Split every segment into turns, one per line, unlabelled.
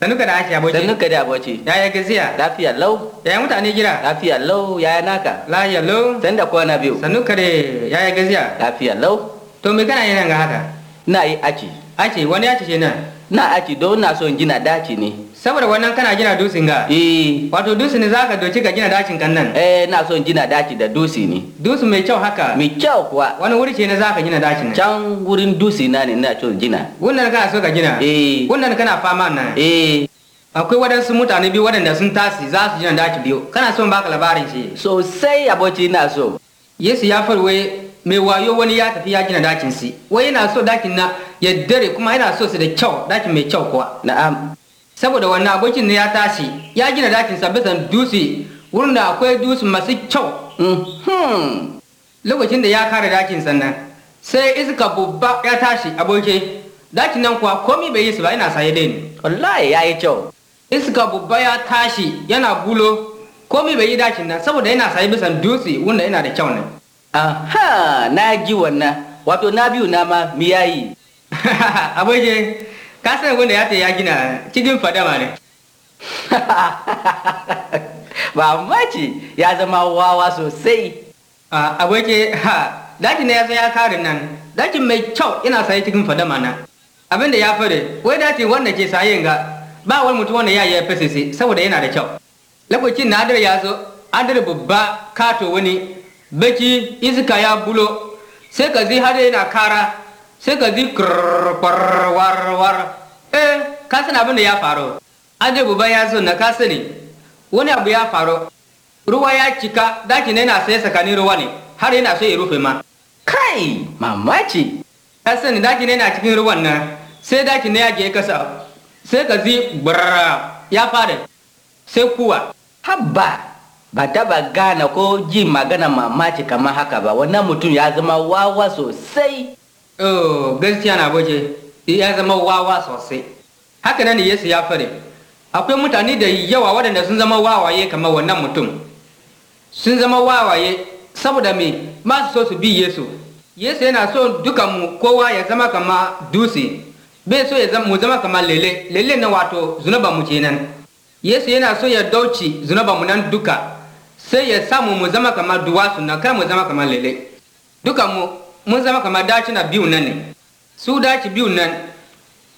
Sanuka da ake aboci. Sanuka da aboci. Yaya gaziya? Lafiya lau. Yaya mutane gida? Lafiya lau. Yaya naka? Lafiya lau. da kwana biyu. Sanuka da yaya gaziya? Lafiya lau. To me kana yi nan ga haka? Na yi aci. Aci wani aci ce nan? Na aci don
na son gina daci ne. saboda wannan kana gina dusin ga eh wato dusi ne zaka doci ka gina
dakin kan nan eh na so gina daki da dusi ne dusi mai kyau haka mai kyau kuwa wani wuri ce ne zaka gina dakin nan can wurin dusi na ne na so gina wannan kana so ka gina eh wannan kana
fama nan eh akwai waɗansu mutane biyu waɗanda sun tasi za su gina daki biyu kana son baka labarin shi sosai aboki na so yesu ya farwe mai wayo wani ya tafi ya gina dakin si wai yana so dakin na ya dare kuma yana so su da kyau dakin mai kyau kuwa na'am saboda wannan abokin ne ya tashi ya gina dakin sabisan dutse wurin da akwai dutse masu kyau mhm. lokacin da ya kare dakin sannan sai iska babba ya tashi aboke dakin nan kuwa komi bai yi su ba yana saye dai ne wallahi ya yi kyau iska babba ya tashi yana bulo komi bai yi dakin nan saboda yana saye bisan dutse wanda yana da kyau ne aha na ji wannan wato na biyu na ma miyayi aboke ka san gwanda ya ce ya gina cikin fadama ne ba ce ya zama wawa sosai aboki ha dakin da ya san ya kare nan dakin mai kyau ina saye cikin fadama na abinda ya fare wai daki wanda ke saye ga ba wani mutum wanda ya yi fesese saboda yana da kyau lokacin na adar ya zo adar babba kato wani baki iska ya bulo sai ka zai har yana kara sai ka ji war eh ka san abin da ya faru je buban ya na ka sani wani abu ya faru ruwa ya cika daki ne na sai tsakanin ruwa ne har yana so ya rufe ma kai mamaci ka sani daki ne na cikin ruwan nan sai daki ne ya je kasa
sai ka ji ya fara sai kuwa habba ba taba gana ko ji magana mamaci kamar haka ba wannan mutum ya zama wawa sosai oh gaskiya na baje ya zama wawa sosai haka
nan yesu ya fare akwai mutane da yawa waɗanda sun zama wawaye kamar wannan mutum sun zama wawaye saboda me ma su so su bi yesu yesu yana so dukanmu kowa ya zama kama dutse bai so ya mu zama kama lele lele na wato zunuban kenan yesu yana so ya dauci zunuban mu nan duka sai ya samu mu zama kama duwatsu na kai mu zama kama lele dukan mu mun zama kamar dacina biyu nan ne su daci biyu nan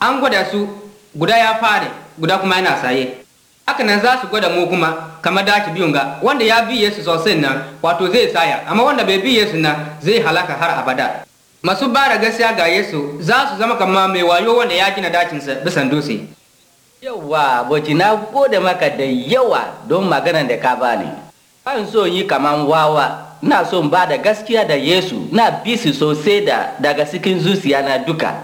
an gwada su guda ya fare guda kuma yana saye haka nan za su gwada mu kuma kamar daci biyun ga wanda ya biye su sosai nan wato zai saya amma wanda bai biye su nan zai halaka har abada masu bara gaskiya ga yesu za su zama kamar mai wayo wanda ya gina dacinsa bisan dutse
yawa boci na gode maka da yawa don maganar da ka bani ban so yi kamar wawa na so ba da gaskiya da yesu na bisi sosai da daga cikin zuciya na duka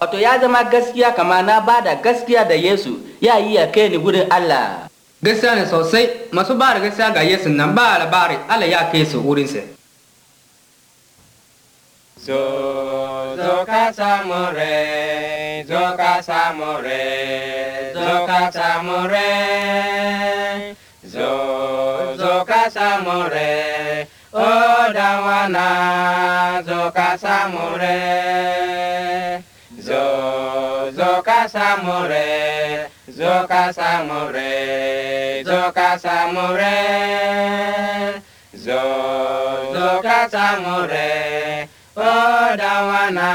wato ya zama gaskiya kama na ba da gaskiya da yesu ya yi ya kai ni gudun allah gaskiya ne sosai masu ba da gaskiya
ga yesu nan ba labari allah ya kai su sa
so zo ka samu re zo ka samu re zo ka samu re samure odawana zoka samure zo zoka samure zoka samure zoka samure zo zoka samure odawana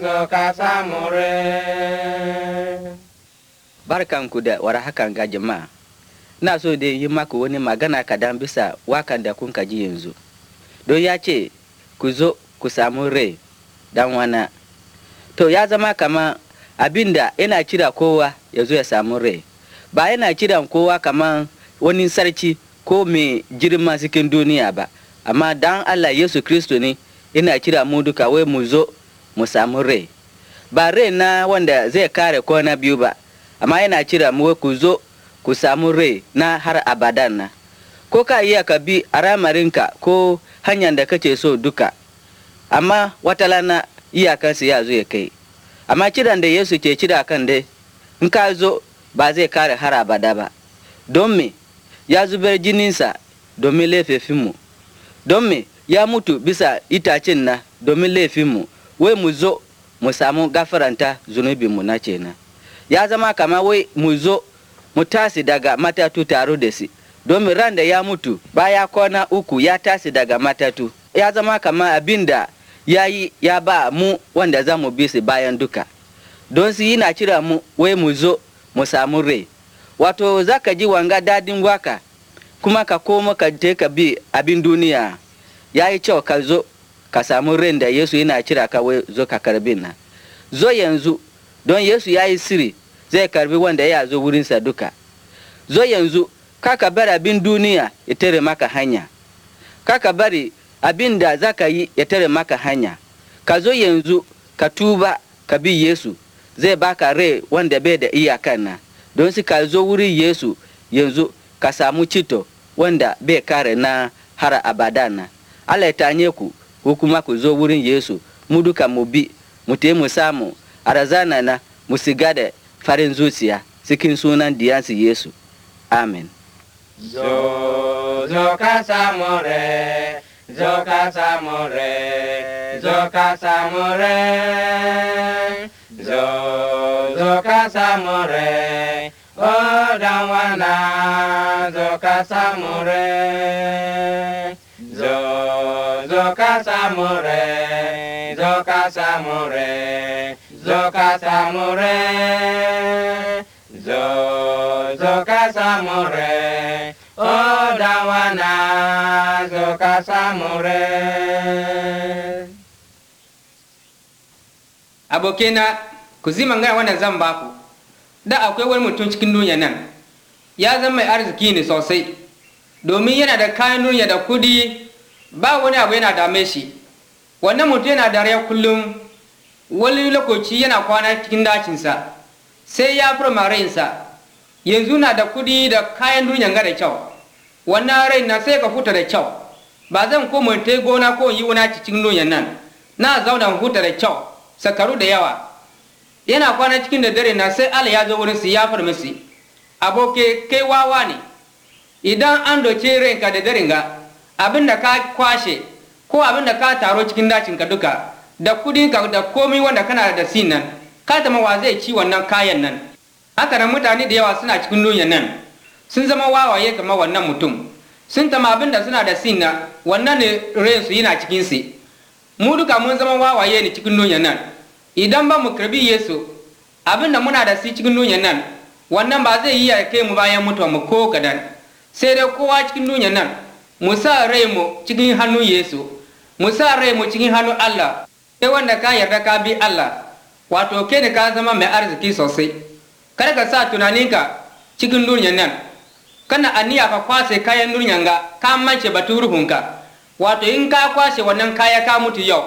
zoka samure
barkan kuda warahakan ga na so da yi maka wani magana kadan bisa wakan da kun ji yanzu don ya ce ku zo ku samu rai dan wana to ya zama kama abinda yana kira kowa ya zo ya samu rai ba yana kiran kowa kaman wani sarki ko mai girma cikin duniya ba amma dan allah yesu kristo ne yana kira mu duka wai mu zo mu samu rai ba rai na wanda zai kare kona biyu ba amma yana kira mu ku zo ku samu rai na har abadan na ko ka iya ka bi aramarinka ko hanyar da kake so duka amma wata lana iyakansu ya zo ya kai amma kiran da yesu ke kira kan dai in ka zo ba zai kare har abada ba don me ya zubar jininsa domin laifinmu don me ya mutu bisa itacen na domin laifinmu wai mu zo mu samu gafaranta zunubinmu na kenan ya zama kama wai mu zo mu tasi daga matatu taru da si domin ran da ya mutu baya kwana uku ya tasi daga matatu ya zama kama abin da ya yi ya ba mu wanda za mu bi su bayan duka don su na cira mu wai mu zo mu samu rai wato za ka ji wanga dadin waka kuma ka koma ka je ka bi abin duniya ya yi kyau ka zo ka samu rai da yesu yana cira ka wai zo ka karbin na zo yanzu don yesu ya yi siri zai karbi wanda ya zo wurinsa duka zo yanzu kaka bari abin duniya ya tare maka hanya kaka bari abin da za ka yi ya tare maka hanya ka zo yanzu ka tuba ka bi yesu zai baka rai wanda bai da iyakan na don su ka zo wuri yesu yanzu ka samu cito wanda bai kare na har abada na allah ya tanye ku ko kuma ku zo wurin yesu mu duka mu bi mu te mu samu na mu siga farin zuciya cikin sunan diyansu Yesu. Amen.
Zo, zo ka samu re, zo ka samu re, zo ka samu re. Zo, zo ka samu re, o dan wana, zo ka samu re. Zo, zo ka samu re, zo ka samu re. Zoka samure, zo, zoka samure,
o
dawana, zoka samure. Abokina, ku zima gaya wanda zan ku, da akwai wani mutum cikin duniya nan, ya zama mai arziki ne sosai, domin yana da kayan duniya da kudi ba wani abu yana dame shi, wannan mutum yana dariya kullum wani lokaci yana kwana cikin dacinsa sai ya fura marayinsa yanzu na da kudi da kayan duniyan ga da kyau wannan rai na sai ka huta da kyau ba zan koma ta gona ko yi wani cikin duniyan nan na zauna huta da kyau sakaru da yawa yana kwana cikin da dare na sai Allah ya zo wurin su ya fara musu aboke kai wawa ne idan an doke ka da dare ga abin da ka kwashe ko abin da ka taro cikin dacinka duka da kudi da komai wanda kana da sin nan ka zama wa zai ci wannan kayan nan haka nan mutane da yawa suna cikin duniya nan sun zama wawaye kamar wannan mutum sun zama abin da suna da sin nan wannan ne su yana cikin su mu duka mun zama wawaye ne cikin duniya nan idan ba mu karbi yesu abinda muna da si cikin duniya nan wannan ba zai yi ya kai mu bayan mutuwa mu ko kadan sai dai kowa cikin duniya nan mu sa rai mu cikin hannun yesu mu sa rai mu cikin hannun allah sai wanda ka yarda ka bi Allah wato ke ne ka zama mai arziki sosai kar ka sa tunaninka cikin duniyan nan kana aniya fa kwase kayan duniyan ga ka mance batu ruhunka wato in ka kwashe wannan kaya ka mutu yau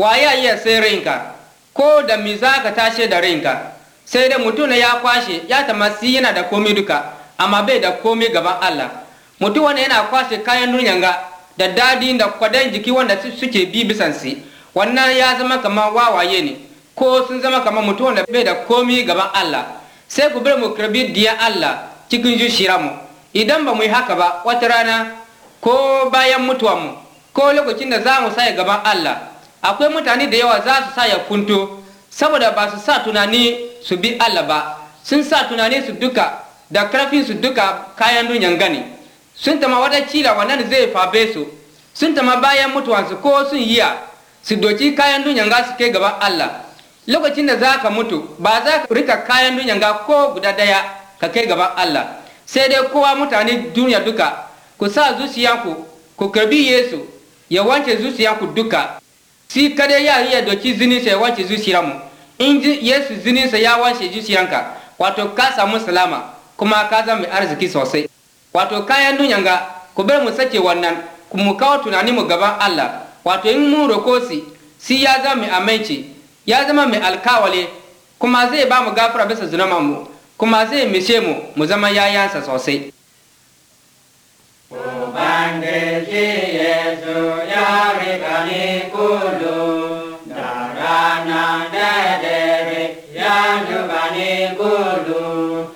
waye iya sai rinka ko da mi za ka tashe da rinka sai da mutum ya kwashe ya tamasi yana da komai duka amma bai da komai gaban Allah mutum wanda yana kwashe kayan duniyan ga da dadi da kwadan jiki wanda suke bi bisansi wannan ya zama kama wawaye ne ko sun zama kama mutum da bai da komi gaban Allah sai ku bar mu karbi diya Allah cikin zuciya mu idan ba mu yi haka ba wata rana ko bayan mutuwa mu ko lokacin da za mu sa gaban Allah akwai mutane da yawa za su sa ya kunto saboda ba su sa tunani su bi Allah ba sun sa tunani su duka da karfin su duka kayan dunyan gani sun tama wata cila wannan zai fabe su sun tama bayan mutuwansu ko sun yiya su doci kayan dunya ga su kai gaban Allah lokacin da za ka mutu ba za ka rika kayan dunya ga ko guda daya ka kai gaban Allah sai dai kowa mutane duniya duka ku sa zuciyanku ku karbi Yesu ya wanke zuciyanku duka si kada ya iya doki zininsa ya wanke mu in Yesu zininsa ya wanke zuciyanka wato ka samu salama kuma ka zama mai arziki sosai wato kayan dunya ga ku bar mu sake wannan mu kawo tunani mu gaban Allah wato in mun roko si si ya zama mai aminci ya zama mai alkawale kuma zai ba mu gafara bisa zunuban mu kuma zai mishe mu mu zama yayansa sosai
Ubangiji Yesu ya riga ni kulu da rana da dare ya duba ni kulu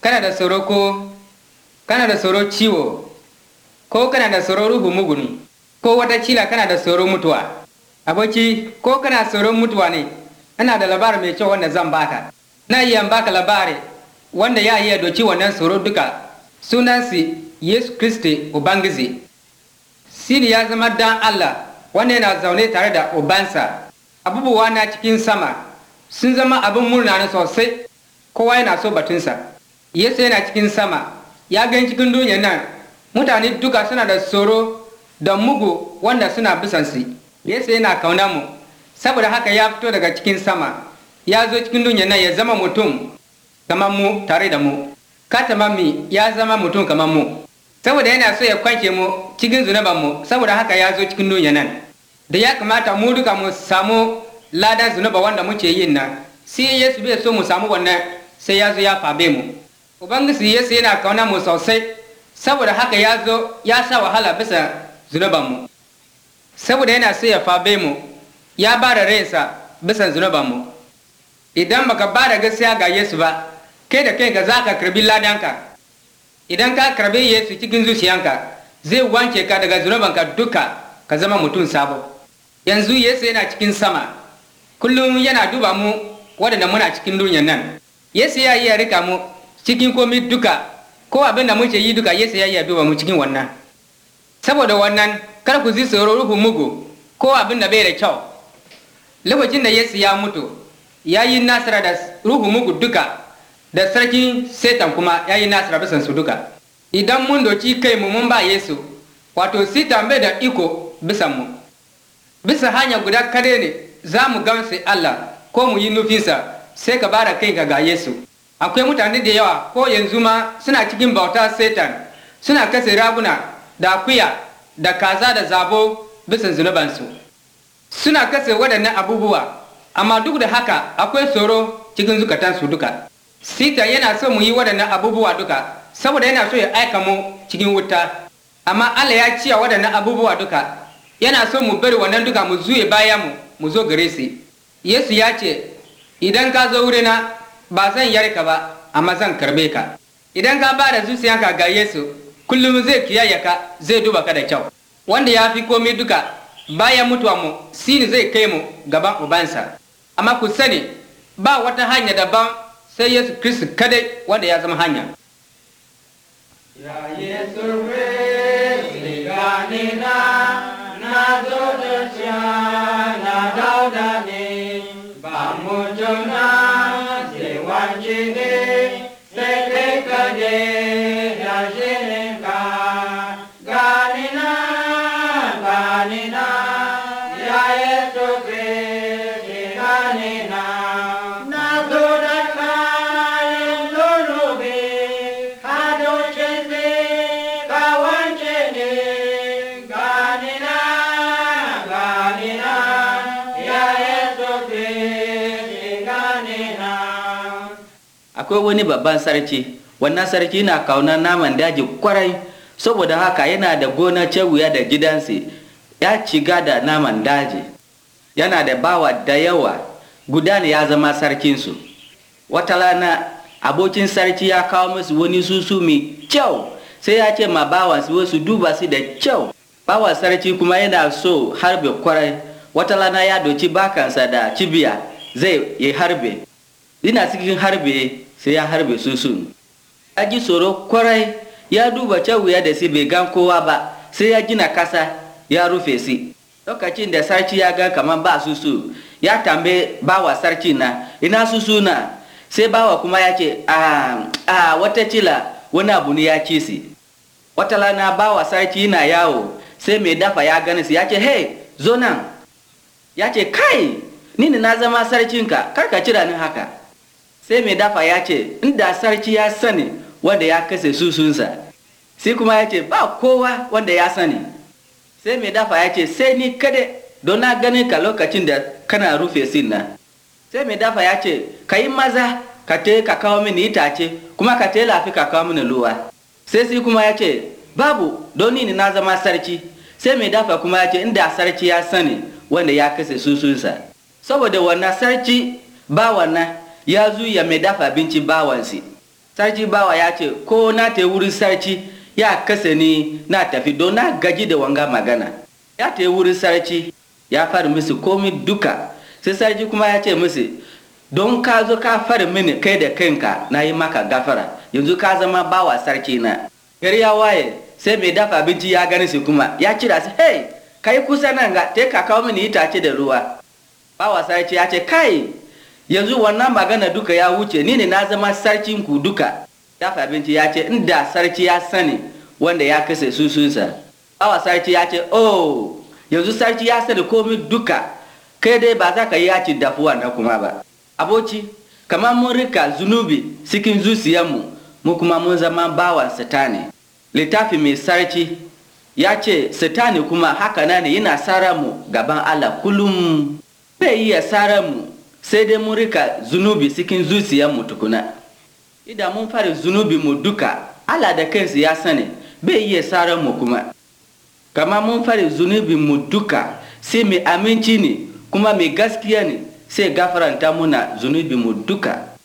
kana da tsoro ko kana da tsoro ciwo ko kana da tsoro ruhu muguni ko wata cila kana da tsoro mutuwa aboki ko kana tsoron mutuwa ne ina da labari mai kyau wanda zan baka na iya baka labari wanda ya iya doki wannan tsoro duka sunansi yesu kristi ubangiji Sini ya zama dan allah wanda yana zaune tare da ubansa abubuwa na cikin sama sun zama abin murna na sosai kowa yana so batunsa yesu yana cikin sama ya gan cikin duniya nan mutane duka suna da tsoro da mugu wanda suna bisansu yesu yana kauna mu saboda haka ya fito daga cikin sama ya zo cikin duniya nan ya zama mutum kamar mu tare da mu katamami ya zama mutum kamar mu saboda yana so ya kwance mu cikin zunuban mu saboda haka ya zo cikin duniya nan da ya kamata mu duka mu samu ladan zunuba wanda muke yin nan sai Yesu bai so mu samu wannan sai ya zo ya fabe mu ubangiji Yesu yana kauna mu sosai saboda haka ya zo ya sa wahala bisa zunuban mu saboda yana so ya fabe mu ya ba da bisa bisan mu. idan baka ba da gaskiya ga yesu ba kai da kai ga za ka karbi ladanka idan ka karbi yesu cikin zuciyanka zai wanke ka daga zunubanka duka ka zama mutum sabo yanzu yesu yana cikin sama kullum yana duba mu waɗanda muna cikin duniyar nan yesu ya iya rika mu cikin komai duka ko abin da muke yi duka yesu ya iya duba mu cikin wannan saboda wannan kar ku ji tsoro ruhu mugu ko abin da bai da kyau lokacin da yesu ya mutu ya yi nasara da ruhu mugu duka da sarkin satan kuma ya yi nasara bisan su duka idan mun doci kai mu mun ba yesu wato sita bai da iko bisan mu bisa hanya guda kare ne za mu gamsu allah ko mu yi nufinsa sai ka bara kai ga yesu akwai mutane da yawa ko yanzu ma suna cikin bauta satan suna kase raguna da akuya da kaza da zabo bisan zunubansu suna kasa waɗannan abubuwa amma duk da haka akwai tsoro cikin zukatansu duka sita yana so mu yi waɗannan abubuwa duka saboda yana so ya aika mu cikin wuta amma allah ya ciya waɗannan abubuwa duka yana so mu bari wannan duka mu zuye baya mu mu zo gare su yesu ya ce idan ka zo wurina ba zan yarka ba amma zan karbe ka idan ka ba da zuciyanka ga yesu kullum zai kiyaye ka zai duba ka da kyau wanda ya fi komai duka bayan mutuwa mu sini zai kai mu gaban ubansa amma ku sani ba wata hanya daban sai Yesu Kristi kadai wanda ya zama hanya ya
Yesu re,
akwai wani babban sarki wannan sarki na kaunar naman daji kwarai saboda haka yana da gona wuya da gidansa ya ciga da naman daji yana da bawa da yawa guda ne ya zama sarkinsu wata rana abokin sarki ya kawo musu wani susu mai kyau sai ya ce ma bawansu wasu duba su da kyau bawan sarki kuma yana so harbe kwarai wata rana ya doci bakansa da cibiya zai yi harbe ina cikin harbe sai ya harbe susu. ya ji tsoro kwarai ya duba wuya da si bai gan kowa ba sai ya gina kasa ya rufe si lokacin da sarki ya gan kamar ba susu ya tambe bawa sarki na ina susu na sai bawa kuma ya ce a a wata cila wani abu ne ya ci si wata lana bawa sarki na yawo sai mai dafa ya gani su ya ce hey zo nan ya ce kai ni na zama sarkinka karka cira ni haka sai mai dafa ya ce inda sarki ya sani wanda ya kasa susunsa sai kuma ya ce ba kowa wanda ya sani sai mai dafa ya ce sai ni kada don na ganin ka lokacin da kana rufe sin nan sai mai dafa ya ce ka yi maza ka te ka kawo mini itace kuma ka te lafi ka kawo mini luwa sai sai kuma ya ce babu don ni na zama sarki sai mai dafa kuma ya ce inda sarki ya sani wanda ya kasa susunsa saboda wannan sarki ba wannan ya zuya mai dafa abincin bawansi sarki bawa ya ce ko na ta wurin sarki ya kasa ni na tafi don na gaji da wanga magana ya ta wurin sarki ya fara musu komi duka sai sarki kuma ya ce musu don ka zo ka fara mini kai da kanka na yi maka gafara yanzu ka zama bawa sarki na gari ya waye sai mai dafa abinci ya gani su kuma ya cira su hey kai kusa nan ga te ka kawo mini itace da ruwa bawa sarki ya ce kai yanzu wannan magana duka ya wuce ni ne na zama sarkin ku duka dafa abinci ya ce inda sarki ya sani wanda ya kasa susunsa awa sarki ya ce oh yanzu sarki ya sani komi duka kai dai ba za ka yi yaci dafuwa na kuma ba aboci kamar mun rika zunubi cikin zuciyarmu mu kuma mun zama bawan satani littafi mai sarki ya ce satani kuma haka na ne yana sara mu gaban allah kullum bai iya sara mu sai dai mun rika zunubi cikin zuciyarmu tukuna ida mun fara zunubi mu duka Allah da kansa ya sani bai iya saran mu kuma kama mun fara zunubi mu duka sai mai aminci ne kuma mai gaskiya ne sai gafaranta muna zunubi mu duka